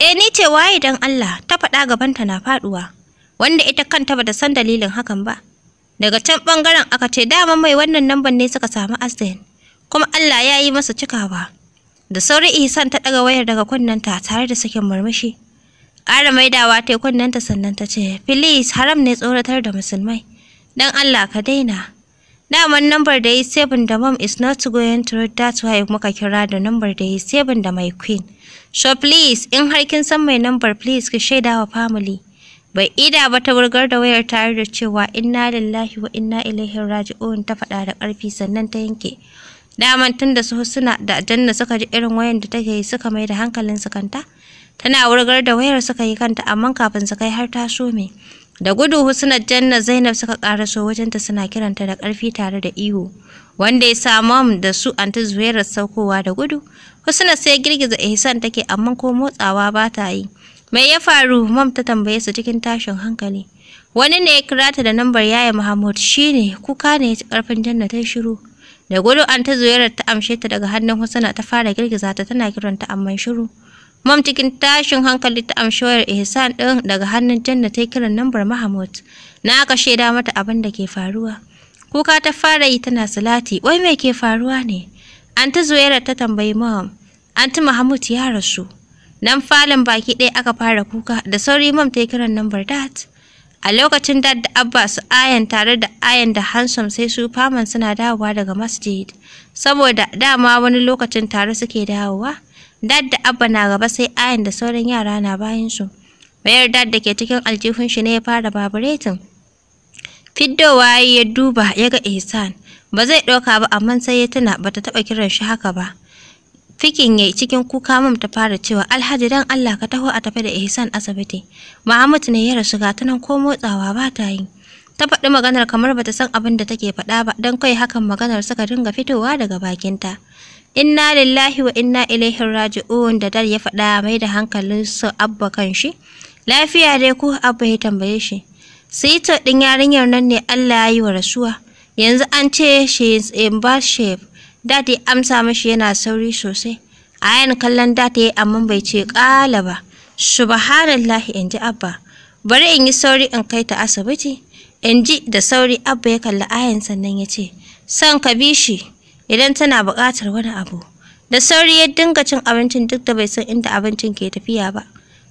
E ni ce waye dan Allah ta faɗa gabanta na faɗuwa wanda ita kanta bata san dalilin hakan ba daga can ɓangaren aka ce dama mai wannan namban ne suka samu accident kuma Allah ya yi masa cikawa da sauri Ihsan ta ɗaga wayar daga kunnanta tare da sakin murmushi ƙara maidawa ta yi kunnanta sannan ta ce please haram ne tsoratar da musulmai dan Allah ka daina daman nambar da yi 7 da mom is not going to read that why muka kira da nambar da yi 7 da my queen So please, in har kin san mai number please ki shaida wa family. Bai ida ba ta wurgar da wayar tare da cewa inna lillahi wa inna ilaihi raji'un ta faɗa da ƙarfi sannan ta yanke. Daman tun da su suna da janna suka ji irin wayan da take yi suka mai da hankalin su kanta. Tana wurgar da wayar suka yi kanta amma kafin su kai har ta so me. Da gudu Husna Janna Zainab suka wajen wajenta suna kiranta da ƙarfi tare da ihu, wanda ya sa da su anti Zuwairar saukowa da gudu Husna sai girgiza Ihsan take amma ko motsawa ba ta yi. Me ya faru? Mam ta tambaye su cikin tashin hankali. Wani ne ya kira ta da lambar yaya Muhammad shine kuka ne karfin Janna shiru. Da gudu an ta zoyarar ta amshe ta daga hannun Husna ta fara girgiza ta tana kiranta amma shiru. Mam cikin tashin hankali ta amshi wayar Ihsan ɗin daga hannun Janna kiran nambar Mahmud. Na aka shaida mata abin da ke faruwa. Kuka ta fara yi tana salati, wai me ke faruwa ne? Anta Zuwaira ta tambayi Mam, Anti Mahmud ya rasu. Nan falon baki ɗaya aka fara kuka da sauri Mam ta yi kiran nambar Dat. A lokacin Dad da Abba su ayan tare da ayan da Hansom sai su faman suna dawowa daga masjid. Saboda dama wani lokacin tare suke dawowa. Dad da Abba na gaba sai ayan da sauran yara na bayan su. Mayar Dad da ke cikin aljihun shi ne ya fara baburetin. Fiddowa ya duba ya ga Ihsan. Ba zai ɗauka ba amma sai ya tuna ba ta taɓa kiran shi haka ba. Fikin yayi cikin kuka mam ta fara cewa Alhaji dan Allah ka taho a tafi da Ihsan asibiti. Muhammad ne ya rasu ga ta ko motsawa ba ta yi. ta faɗi maganar kamar ba ta san abin da take faɗa ba don kai hakan maganar suka dinga fitowa daga bakinta inna lillahi wa inna ilaihi raji'un da dal ya faɗa mai da hankalin su abba kan shi lafiya dai ko abba ya tambaye shi Sita ɗin yarinyar nan ne Allah ya yi wa rasuwa. Yanzu an ce she is in bad shape. Dad amsa mashi yana sauri sosai. Ayan kallon dad ya yi amma bai ce ƙala ba. Subhanallah inji Abba. Bari in yi sauri in kai ta asibiti. Inji da sauri Abba ya kalla Ayan sannan ya ce, Son ka bi shi idan tana buƙatar wani abu. Da sauri ya dinga cin abincin duk da bai san inda abincin ke tafiya ba.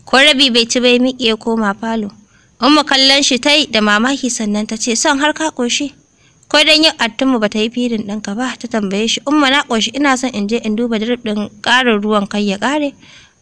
Ko rabi bai ci bai miƙe ya koma falo. Umma kallon shi ta yi da mamaki sannan ta ce, Son har ka koshi? Ko dan yin attinmu ba ta yi filin ɗinka ba, ta tambaye shi, Umma na ƙoshi ina son in je in duba drip ɗin ƙarin ruwan kai ya ƙare.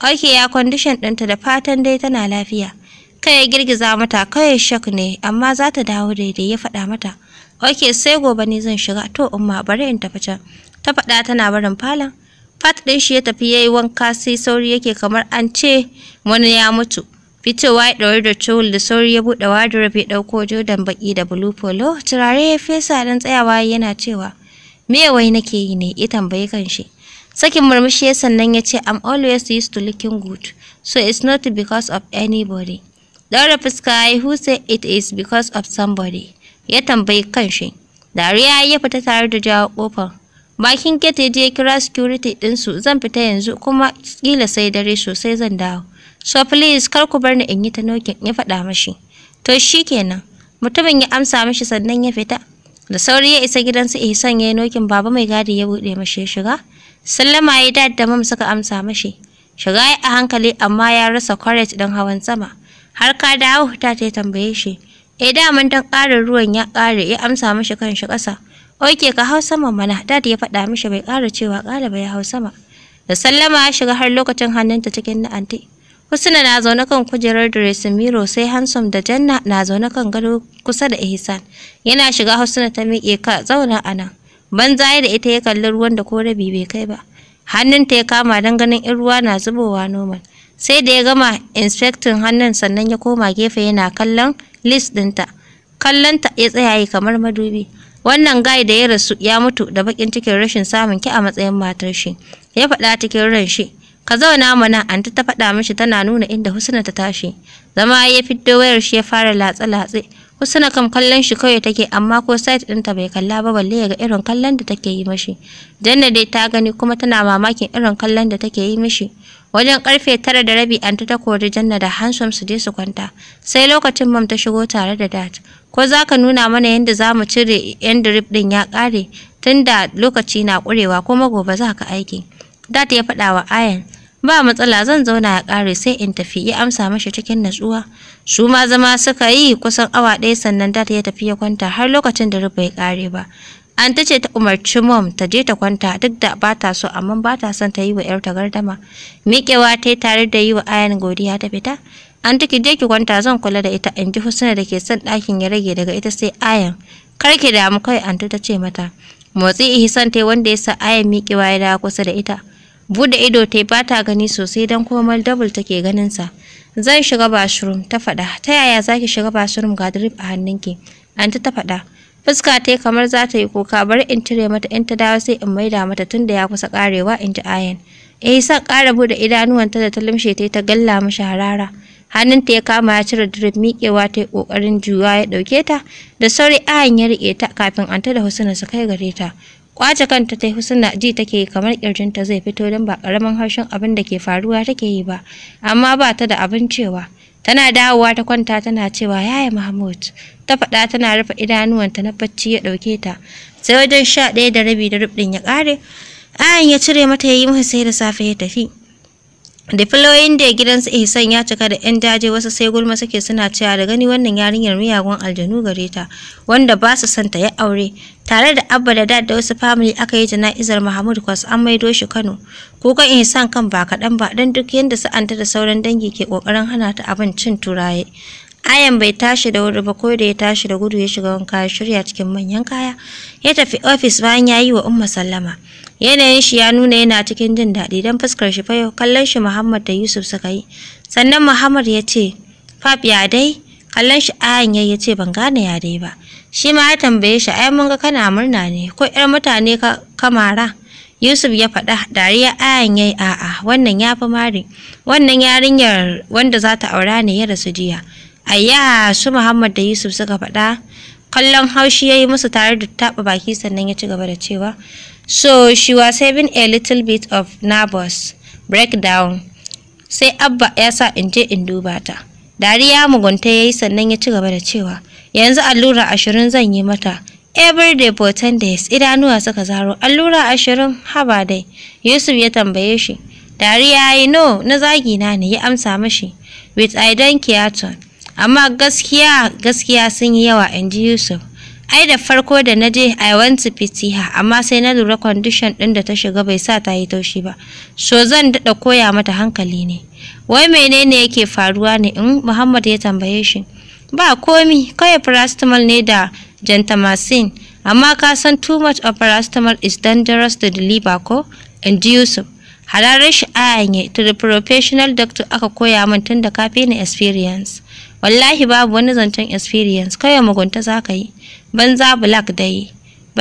Oke ya kwandishan ɗinta da fatan dai tana lafiya. Kai ya girgiza mata, kawai shak ne, amma za ta dawo daidai ya faɗa mata. Oke sai gobe ne zan shiga, to umma bari in tafi can. Ta faɗa tana barin falon. Fat ɗin shi ya tafi ya yi wanka sai sauri yake kamar an ce wani ya mutu. Fitowa ya ɗauri da cowul da sauri ya buɗe wa wardrobe ya ɗauko jodan baƙi da blue polo. Turare ya fesa ɗan tsayawa yana cewa, Me wai nake yi ne? Ya tambayi kanshi. Sakin murmushi ya sannan ya ce, I'm always used to looking good, so it's not because of anybody. Ɗaura fuska ya yi huse, it is because of somebody. Ya tambayi kanshi. Dariya ya fita tare da jawo ƙofar. bakin gate ya ya kira security ɗinsu zan fita yanzu kuma kila sai dare sosai zan dawo so please kar ku bar ni in yi ta nokin ya faɗa mashi to shi shikenan mutumin ya amsa mashi sannan ya fita da sauri ya isa gidansu ihsan ya yi nokin baba mai gadi ya buɗe mashi ya shiga sallama ya dad da mam suka amsa mashi shiga ya a hankali amma ya rasa kwaret don hawan sama har ka dawo ta ta tambaye shi eh mun dan ƙarin ruwan ya ƙare ya amsa mashi kan shi ƙasa Oke oh, ka hau sama mana, dad ya faɗa mishi bai ƙara cewa ƙalaba ya hau sama. Da sallama ya shiga har lokacin hannunta cikin na anti. Husna na zaune kan kujerar dressing sai Hansom da Janna na zaune kan gado kusa da Ihsan. Yana shiga Husna ta miƙe ka zauna a nan. Banza da ita ya kalli ruwan da ko rabi bai kai ba. Hannunta ya kama don ganin in ruwa na zubowa noman. Sai da ya gama inspecting hannun sannan ya koma gefe yana kallon list ɗinta. Kallonta ya tsaya yi kamar madubi. wannan guy da ya rasu ya mutu da bakin cikin rashin samun ki a matsayin matar shi ya faɗa cikin ran shi ka zauna mana anta ta faɗa mishi tana nuna inda husna ta tashi zama ya fiddo wayar shi ya fara latsa latse husna kam kallon shi kawai take amma ko site ɗinta bai kalla ba balle ya ga irin kallon da take yi mishi janna dai ta gani kuma tana mamakin irin kallon da take yi mishi wajen karfe tara da rabi anta ta kori janna da hansom su je su kwanta sai lokacin mam ta shigo tare da dat ko za ka nuna mana yadda za mu cire yan drip ɗin ya ƙare tunda lokaci na ƙurewa kuma gobe za ka aiki dat ya faɗa wa ayan ba matsala zan zauna ya ƙare sai in tafi ya amsa mashi cikin natsuwa su ma zama suka yi kusan awa ɗaya sannan data ya tafi ya kwanta har lokacin da rufe ya ƙare ba an ta ce ta umarci mom ta je ta kwanta duk da ba ta so amma ba ta son ta yi wa 'yarta gardama miƙewa ta yi tare da yi wa ayan godiya ta fita an ki je ki kwanta zan kula da ita in ji husna da ke son ɗakin ya rage daga ita sai ayan kar ki damu kai, anti ta ce mata motsi ihsan tai wanda ya sa ayan miƙewa ya dawo kusa da ita bude ido tai ba ta gani sosai dan kuma mal double take ganin sa zan shiga bashroom ta faɗa ta yaya zaki shiga bashroom ga drip a hannunki anti ta faɗa fuska ta kamar za ta yi kuka bar in cire mata in ta dawo sai in maida mata tunda ya kusa karewa in ji ayan eh sa ƙara bude idanuwanta da ta limshe ta ta galla mishi harara hannunta ya kama ya cire drip miƙewa ta yi ƙoƙarin juwa ya ɗauke ta da sauri ayan ya riƙe ta kafin an ta da husuna su kai gare ta kwace kanta ta husuna ji take kamar ƙirjinta zai fito don ba ƙaramin harshen abin da ke faruwa take yi ba amma ba ta da abin cewa tana dawowa ta kwanta tana cewa yaya mahmud ta faɗa tana rufe idanuwanta na bacci ya ɗauke ta sai wajen sha ɗaya da rabi da rubɗin ya ƙare ayan ya cire mata ya yi masa sai da safe ya tafi da filoyin da gidan ihsan ya cika da yan daji wasu sai gulma suke suna cewa da gani wannan yarinyar miyagun aljanu gare ta wanda ba su son ta ya aure tare da abba da dad da wasu family aka yi jana'izar mahmud kwas an maido shi kano kukan ihsan kan ba kaɗan ba don duk yadda sa'anta da sauran dangi ke ƙoƙarin hana ta abin cin turaye Ayan bai tashi da wuri ba ko da ya tashi da gudu ya shiga wanka ya shirya cikin manyan kaya. Ya tafi ofis bayan ya yi wa Umma sallama. Yanayin shi ya nuna yana cikin jin daɗi don fuskar shi fayo kallon shi Muhammad da Yusuf suka yi. Sannan Muhammad ya ce, Fab ya dai? Kallon shi Ayan ya ya ce ban gane ya dai ba. Shi ma ya tambaye shi ai mun ga kana murna ne ko 'yar mutane ka kamara. Yusuf ya faɗa dariya ayan yayi a'a wannan ya fi mari wannan yarinyar wanda za ta aura ne ya rasu jiya ayya su muhammad da yusuf suka faɗa kallon haushi ya yi musu tare da taɓa baki sannan ya ci gaba da cewa so she was having a little bit of nervous breakdown sai abba ya sa in je in duba ta dariya mugunta ya yi sannan ya ci gaba da cewa yanzu allura ashirin zan yi mata every day for ten days idanuwa suka zaro allura ashirin haba dai yusuf ya tambaye shi dariya ya yi no na zagina ne ya amsa mashi with i kiyaton. amma gaskiya gaskiya sun yi yawa in ji yusuf ai da farko da na je i want to fitiha amma sai na lura kwandishan din da ta shiga bai sa ta yi taushi ba so zan dada koya mata hankali ne wai menene yake faruwa ne in muhammad ya tambaye shi ba komi kawai paracetamol ne da gentamacin amma ka san too much of paracetamol is dangerous to the liver ko in yusuf halarar shi ayanye to the professional doctor aka koya min tun da kafe experience wallahi babu wani zancen experience kawai mugunta za ka yi banza black da yi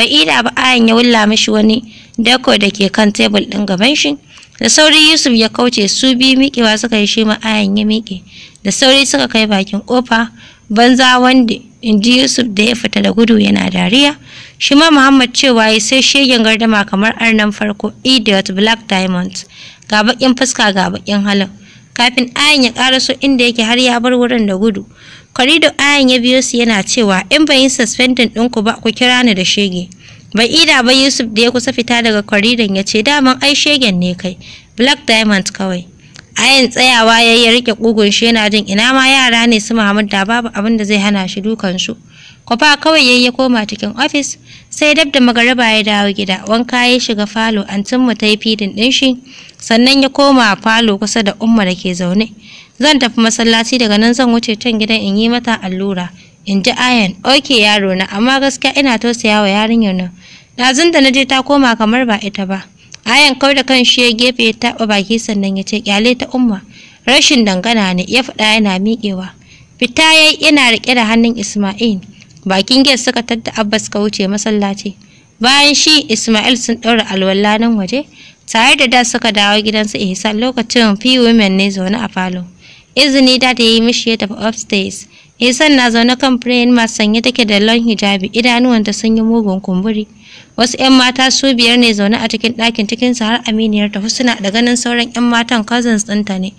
ida ba ayan ya wulla mishi wani dako da ke kan tebul ɗin gaban shi da sauri yusuf ya kauce su bi miƙewa suka yi shi ma ayan ya miƙe da sauri suka kai bakin ƙofa banza wanda inji yusuf da ya fita da gudu yana dariya shi ma muhammad cewa ya sai shegen gardama kamar arnan farko idiot black diamond ga bakin fuska ga bakin halin kafin ayan ya so inda yake har ya bar wurin da gudu karido ayan ya biyo su yana cewa in ban yi suspending ɗinku ba ku kira ni da shege bai ida ba yusuf da ya kusa fita daga karidon ya ce daman ai shegen ne kai black diamond kawai ayan tsayawa ya yi rike kugun shi yana jin ina ma yara ne su Muhammad da babu abin da zai hana shi dukansu. kwafa kawai yayi ya koma cikin ofis sai dab da magaraba ya dawo gida wanka ya shiga falo antin mu ta yi fidin din shi sannan ya koma falo kusa da umma da ke zaune zan tafi masallaci daga nan zan wuce can gidan in yi mata allura in ji ayan oke yaro na amma gaskiya ina tausaya wa yarinyar nan ɗazun da na je ta koma kamar ba ita ba ayan kawai da kan shi ya gefe ya taɓa baki sannan ya ce kyale ta umma rashin dangana ne ya faɗa yana miƙewa fita yai yana riƙe da hannun isma'il bakin gate suka tadda abbas ka wuce masallaci bayan shi ismail sun ɗaura alwala nan waje tare da da suka dawo gidansu ihsan lokacin fi women ne zaune a falo izini da ta yi mishi ya tafi upstairs ihsan na zaune kan firayin masu sanye take da lon hijabi idanuwanta sun yi mugun kumburi wasu 'yan mata su biyar ne zaune a cikin ɗakin cikinsu har aminiyar ta suna da ganin sauran 'yan matan cousins ɗinta ne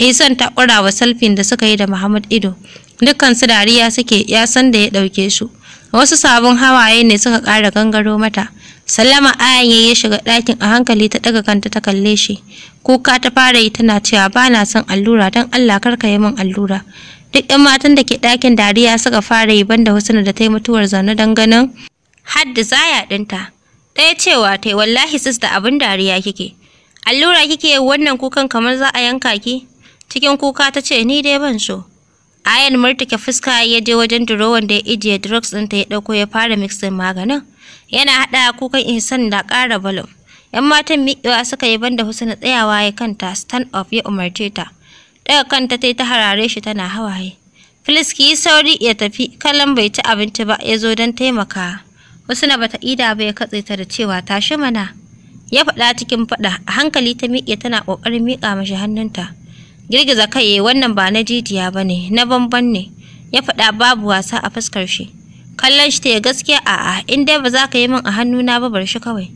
Isan ta ƙura wa salfin da suka yi da Muhammad Ido, dukkansu dariya suke ya san da ya ɗauke su wasu sabon hawaye ne suka ƙara gangaro mata sallama ayan ya shiga ɗakin a hankali ta ɗaga kanta ta kalle shi kuka ta fara yi tana cewa ba na son allura don allah kar karka yi min allura duk ɗan matan da ke ɗakin dariya suka fara yi banda husna da ta yi mutuwar zaune don ganin hadda ya ɗinta ɗaya cewa tai wallahi sis da abin dariya kike allura kike wannan kukan kamar za a yanka ki cikin kuka ta ce ni dai ban so Ayan murtuke fuska ya je wajen durowan da ya ijiye drugs ɗinta ya ɗauko ya fara mixin maganin. Yana haɗa kukan Ihsan da ƙara balon. ‘Yan matan miƙewa suka yi banda Husna tsayawa ya kanta stand up ya umarce ta. Ɗaga kanta ta yi ta harare shi tana hawaye. Filis ki yi sauri ya tafi Kallon bai ci abinci ba ya zo don taimaka. Husna bata ida ba ya katse ta da cewa tashi mana. Ya faɗa cikin faɗa a hankali ta miƙe tana ƙoƙarin miƙa mashi hannunta. girgiza kai wannan ba na jijiya ba ne na bamban ne ya faɗa babu wasa a fuskar shi kallon shi ta gaskiya a'a in dai ba za ka yi min a hannuna ba bar shi kawai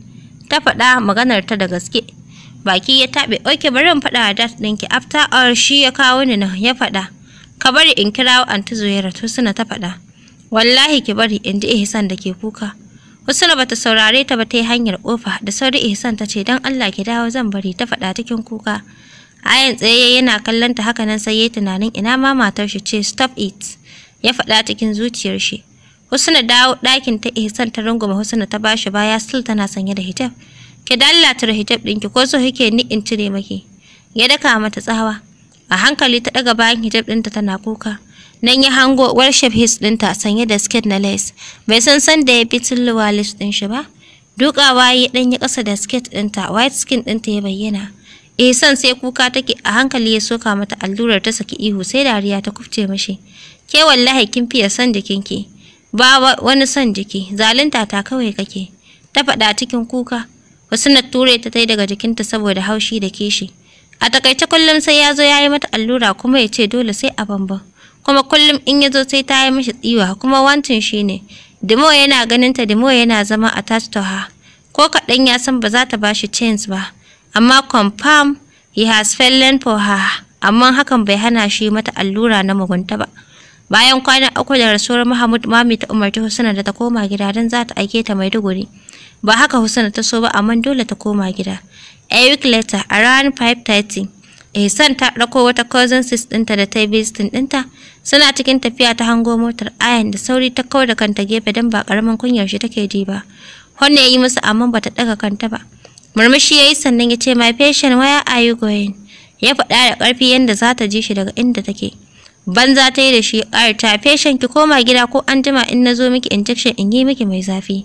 ta faɗa maganar ta da gaske baki ya taɓe oke bari in faɗa da ɗinki after hour shi ya kawo ni nan ya faɗa ka bari in kirawo anti zuwaira to suna ta faɗa wallahi ki bari in ji ihsan da ke kuka Husna bata saurare ta ba ta yi hanyar kofa da sauri Ihsan ta ce dan Allah ki dawo zan bari ta faɗa cikin kuka. Hayan tsaye yana kallon ta haka nan sai yayi tunanin ina ma matar shi ce stop it. Ya faɗa cikin zuciyar shi. Husna dawo ɗakin ta Ihsan eh, ta runguma Husna ta bashi baya still tana sanye da hijab. Ki dallatar hijab ɗinki ko so kike ni in cire maki. Ya daka mata tsawa. A hankali ta ɗaga bayan hijab ɗinta tana kuka. Nan ya hango worship his ɗinta sanye da skirt na lace. Bai san san da ya fi tilluwa lace ɗin shi ba. Dukawa ya ɗanyi ƙasa da skirt ɗinta, white skin ɗinta ya bayyana. Eh san sai kuka take a hankali ya soka mata allurar ta saki ihu sai dariya ta kufce mashi. Ke wallahi kin fiye san jikinki. Ba wani san jiki, zalunta ta kawai kake. Ta faɗa cikin kuka. na ture ta tai daga jikinta saboda haushi da kishi. A takaice kullum sai ya zo ya yi mata allura kuma ya ce dole sai a bambam. Kuma kullum in ya zo sai ta yi mashi tsiwa kuma wancin shi ne. Dimo yana ganinta Dimo yana zama a her. Ko kaɗan ya san ba za ta bashi shi chance ba. amma confirm he has fallen for her amma hakan bai hana shi mata allura na mugunta ba bayan kwana uku da rasuwar Mahmud mami ta umarci Husna da ta koma gida dan za ta aike ta Maiduguri ba haka Husna ta so ba amma dole ta koma gida a week later around 5:30 Ihsan ta rako wata cousin sis ɗinta da ta yi visiting ɗinta suna cikin tafiya ta hango motar ayan da sauri ta kawo da kanta gefe dan ba karamin kunyar shi take ji ba. wannan ya yi musu amma bata daga kanta ba. Murmushi ya yi sannan ya ce, My patient, where are you going? Ya faɗa da ƙarfi yadda za ta ji shi daga inda take. Banza ta yi da shi ƙarta ta patient ki koma gida ko an jima in na zo miki injection in yi miki mai zafi.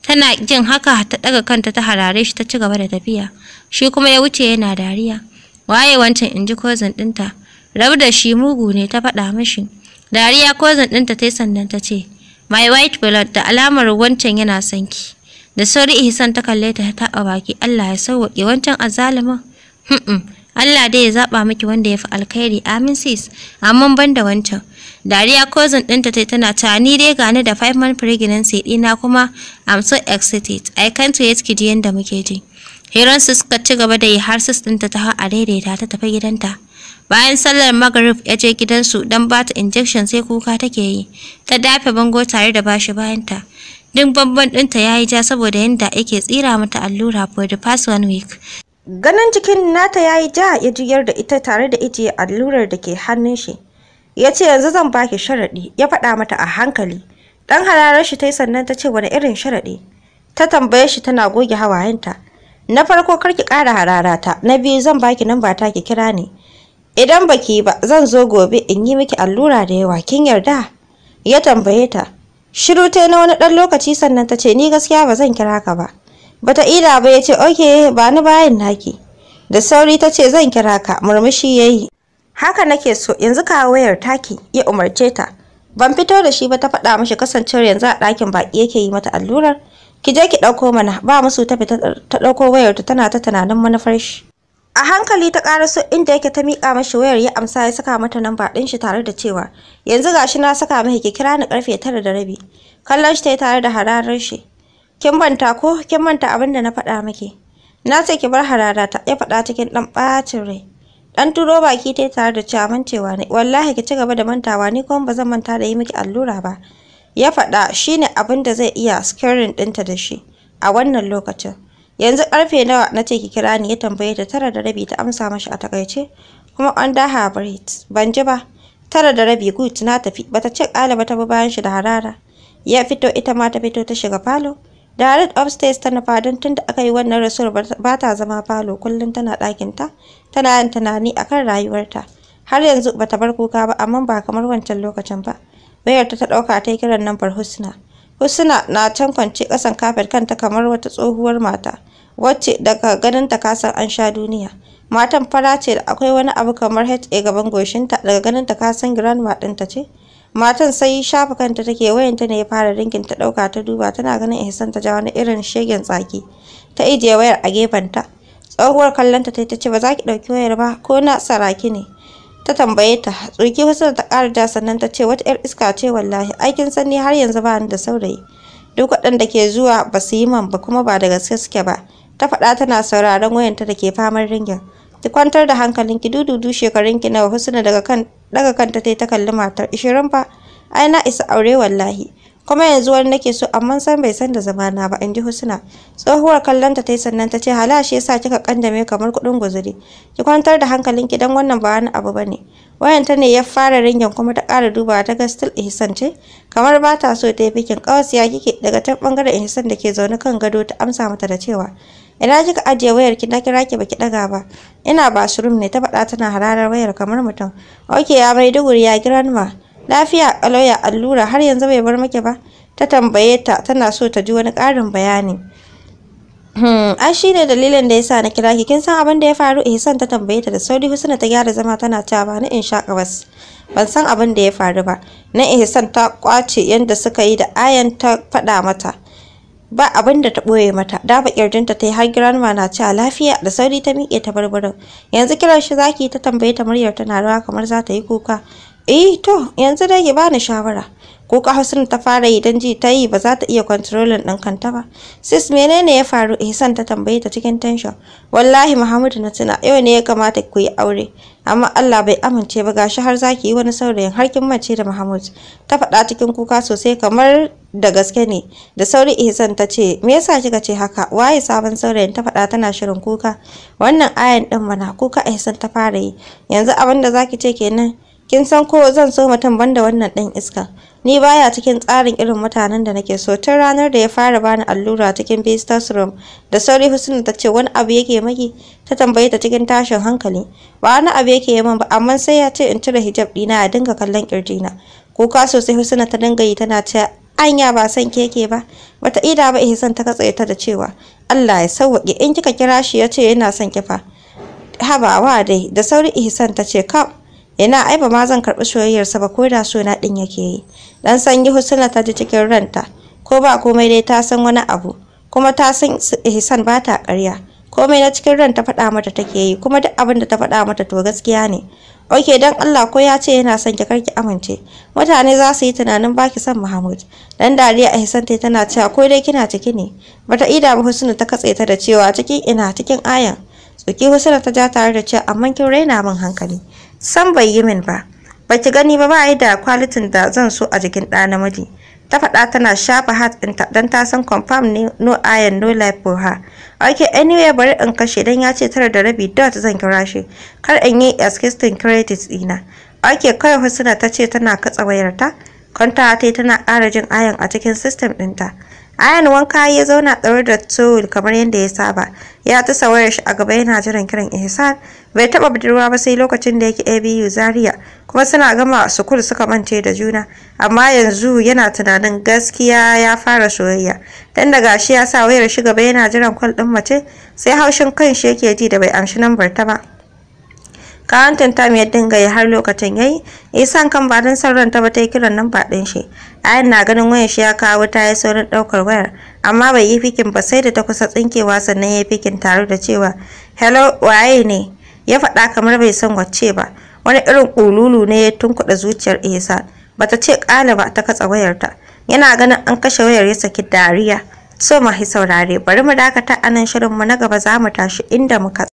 Tana jin haka ta ɗaga kanta ta harare shi ta ci gaba da tafiya. Shi kuma ya wuce yana dariya. Waye wancan in ji cousin ɗinta. Rabu da shi mugu ne ta faɗa mashi. Dariya cousin ɗinta ta yi sannan ta ce, My white blood da alamar wancan yana sanki. da sauri ihsan ta kalle ta ta taɓa baki Allah ya sauwaƙe wancan azalimin Allah dai ya zaɓa miki wanda ya fi alkhairi amin sis amma ban da wancan dariya cousin ɗinta ta tana ta ni dai gani da five month pregnancy ɗina kuma I'm so excited I can't wait ki ji yanda muke ji hiransu suka ci gaba da yi har sis ɗinta ta hau a daidaita ta tafi gidanta bayan sallar magrib ya je gidansu don ba ta injection sai kuka take yi ta dafe bango tare da bashi bayanta Din bamban ɗinta ya yi ja saboda yadda yake tsira mata allura for the past one week. Ganin cikin nata ya yi ja ya juyar da ita tare da ijiye allurar da ke hannun shi. Ya ce yanzu zan baki sharaɗi ya faɗa mata a hankali. Ɗan hararar shi ta yi sannan ta ce wani irin sharaɗi. Ta tambaye shi tana goge hawayenta. Na farko kar ki ƙara hararata, na biyu zan baki namba ta ki kira ni. Idan baki ba zan zo gobe in yi miki allura da yawa kin yarda? Ya tambaye ta. Shiru ta na wani ɗan lokaci sannan ta ce ni gaskiya ba zan kira ka ba. Bata ila ba ya ce oke ba ni bayan naki. Da sauri ta ce zan kira ka murmushi ya yi. Haka nake so yanzu kawo wayar taki ya umarce ta. Ban fito da shi ba ta faɗa mashi kasancewar yanzu a ɗakin baƙi yake yi mata allurar. Ki je ki ɗauko mana ba musu ta fita ta ɗauko wayar ta tana ta tunanin manufar shi. A hankali ta so inda yake ta miƙa mashi wayar ya amsa ya saka mata namba ɗin shi tare da cewa yanzu gashi na saka mai ki kira ni ƙarfe tara da rabi. Kallon shi ta yi tare da hararar shi. Kin banta ko kin manta abin da na faɗa miki? Na ce ki bar ta. ya faɗa cikin ɗan ɓacin rai. Ɗan turo baki ta yi tare da cewa mancewa ne wallahi ki ci gaba da mantawa ni kuma ba zan manta da yi miki allura ba. Ya faɗa shine abin da zai iya sikirin ɗinta da shi a wannan lokacin. yanzu karfe nawa na ce ki kira ni ya tambaye ta tara da rabi ta amsa mashi a takaice kuma an daha brit ban ji ba tara da rabi gut na tafi bata ce ba ta bi bayan shi da harara ya fito ita ma ta fito ta shiga falo Daret upstairs tana fadin don tun aka yi wannan rasuwar ba ta zama falo kullum tana ɗakinta, tana yin tunani a kan rayuwarta. Har yanzu ba ta bar kuka ba, amma ba kamar wancan lokacin ba. Wayarta ta ɗauka ta yi kiran nambar Husna. Husna na can kwance ƙasan kafet kanta kamar wata tsohuwar mata. wacce daga ganinta ka san an sha duniya. Matan fara ce da akwai wani abu kamar HA gaban goshinta daga ganinta ka san grandma ɗinta ce. Matan sai shafa kanta take wayanta ne ya fara rinkin ta ɗauka ta duba tana ganin Ihsan ta ja wani irin shegen tsaki. Ta ijiye wayar a gefenta. Tsohuwar kallonta ta ta ce ba za ki ɗauki wayar ba ko na saraki ne. Ta tambaye ta, tsoki wasu ta ƙara ja sannan ta ce wata 'yar iska ce wallahi, aikin sanni har yanzu ba ni da saurayi. Duk waɗanda ke zuwa ba su yi man ba kuma ba da gaske suke ba. ta faɗa tana sauraron wayanta da ke famar ringin ki kwantar da hankalin ki dududu shekarunki nawa husna daga kan daga kanta tai ta kalli matar ishirin fa ai na isa aure wallahi kuma yanzu wani nake so amma san bai san da zamana ba inji husna tsohuwar kallon ta yi sannan ta ce hala shi yasa kika kandame kamar kudin guzuri ki kwantar da hankalin ki dan wannan ba wani abu bane wayan ta ne ya fara ringin kuma ta ƙara duba ta ga still ihsan ce kamar ba ta so ta yi bikin kawasiya kike daga can bangaren ihsan da ke zaune kan gado ta amsa mata da cewa ina kika ajiye wayar ki na kira ki baki daga ba ina bashroom ne ta faɗa tana hararar wayar kamar mutum oke ya mai duguri ya kira ni ma lafiya ƙalau allura har yanzu bai bar miki ba ta tambaye ta tana so ta ji wani karin bayani hmm ai shine dalilin da yasa na kira ki kin san abin da ya faru Eh san ta tambaye ta da sauri husna ta gyara zama tana ta ba ni in sha kawas ban san abin da ya faru ba na ihsan eh, ta kwace yanda suka yi da ayan ta faɗa mata ba abin da ta boye mata da kirjinta ta yi har grandma na cewa lafiya da sauri ta miƙe ta barbarin yanzu kiran shi zaki ta tambaye ta muryar tana rawa kamar za ta yi kuka eh to yanzu dai ki bani shawara ko ka ta fara yi dan ji ta yi ba za ta iya controlling din kanta ba sis menene ya faru Ihsan eh, ta tambaye ta cikin tension wallahi Muhammadu na tuna yau ne ya kamata ku yi aure amma Allah bai amince ba gashi har zaki yi wani saurayin har kin mace da Muhammad ta faɗa cikin kuka sosai kamar da gaske ne da sauri Ihsan eh, ta ce me yasa kika ce haka waye sabon saurayin ta faɗa tana shirin kuka wannan ayan din mana kuka Ihsan eh, ta fara yi yanzu abin da zaki ce kenan kin san ko zan so mutum banda wannan ɗan iska ni baya cikin tsarin irin mutanen da nake so tun ranar da ya fara bani allura cikin visitors room da sauri husna ta ce wani abu yake maki ta tambaye ta cikin tashin hankali ba wani abu yake yi min ba amma sai ya ce in cire hijab ɗina ya dinga kallon na kuka sosai husna ta dinga yi tana ce anya ba san keke ba bata ida ba ihsan ta katse ta da cewa Allah ya sauwaƙe in kika kira shi ya ce yana son kifa habawa dai da sauri ihsan ta ce kam ina ai ba ma zan soyayyar sa ba ko da so na ɗin yake yi dan sanyi husna ta ji cikin ranta ko ba komai dai ta san wani abu kuma ta san ihsan ba ta ƙarya komai na cikin ranta faɗa mata take yi kuma duk abin da ta faɗa mata to gaskiya ne oke dan Allah ko ya ce yana son ki karki amince mutane za su yi tunanin baki son Muhammad dan dariya ihsan tai tana cewa ko dai kina ciki ne bata ida ba husna ta katse ta da cewa cikin ina cikin ayan tsuki husna ta ja tare da cewa amma kin raina min hankali san bai yi min ba baki gani ba ba yi da kwalitin da zan so a jikin ɗa namiji ta faɗa tana shafa hat ɗinta don ta san confirm ne no iron no life for her okay anyway bari in kashe dan ya ce tara da rabi dot zan kira shi kar in yi assistant credits ɗina okay kawai husna ta ce tana katsa wayarta kwanta ta tana ƙara jin iron a cikin system ɗinta Ayan wanka ya zauna tsaro da towel kamar yadda ya saba. Ya ta wayar shi a gaba yana jiran kiran Ihsan. Bai taba budurwa ba sai lokacin da yake ABU Zaria kuma suna gama sukul suka mance da juna. Amma yanzu yana tunanin gaskiya ya fara soyayya. Dan da gashi ya sa wayar shi gaba yana jiran kwal din mace sai haushin kanshi yake ji da bai amshi nambar ta ba. Karantin tam ya dinga ya har lokacin yayi. Ihsan kan ba dan san ba ta yi kiran namba din shi. Ayan na ganin wayar shi ya kawo wuta yi saurin ɗaukar wayar, amma bai yi fikin ba sai da ta kusa tsinkewa sannan ya yi fikin tare da cewa, "Hello, waye ne?" Ya faɗa kamar bai san wacce ba, wani irin ƙululu ne ya tunkuɗa zuciyar ba Bata ce ƙala ba ta katsa wayarta. Yana ganin an kashe wayar ya saki dariya. So mahi saurare, bari mu dakata anan mu na gaba za mu tashi inda muka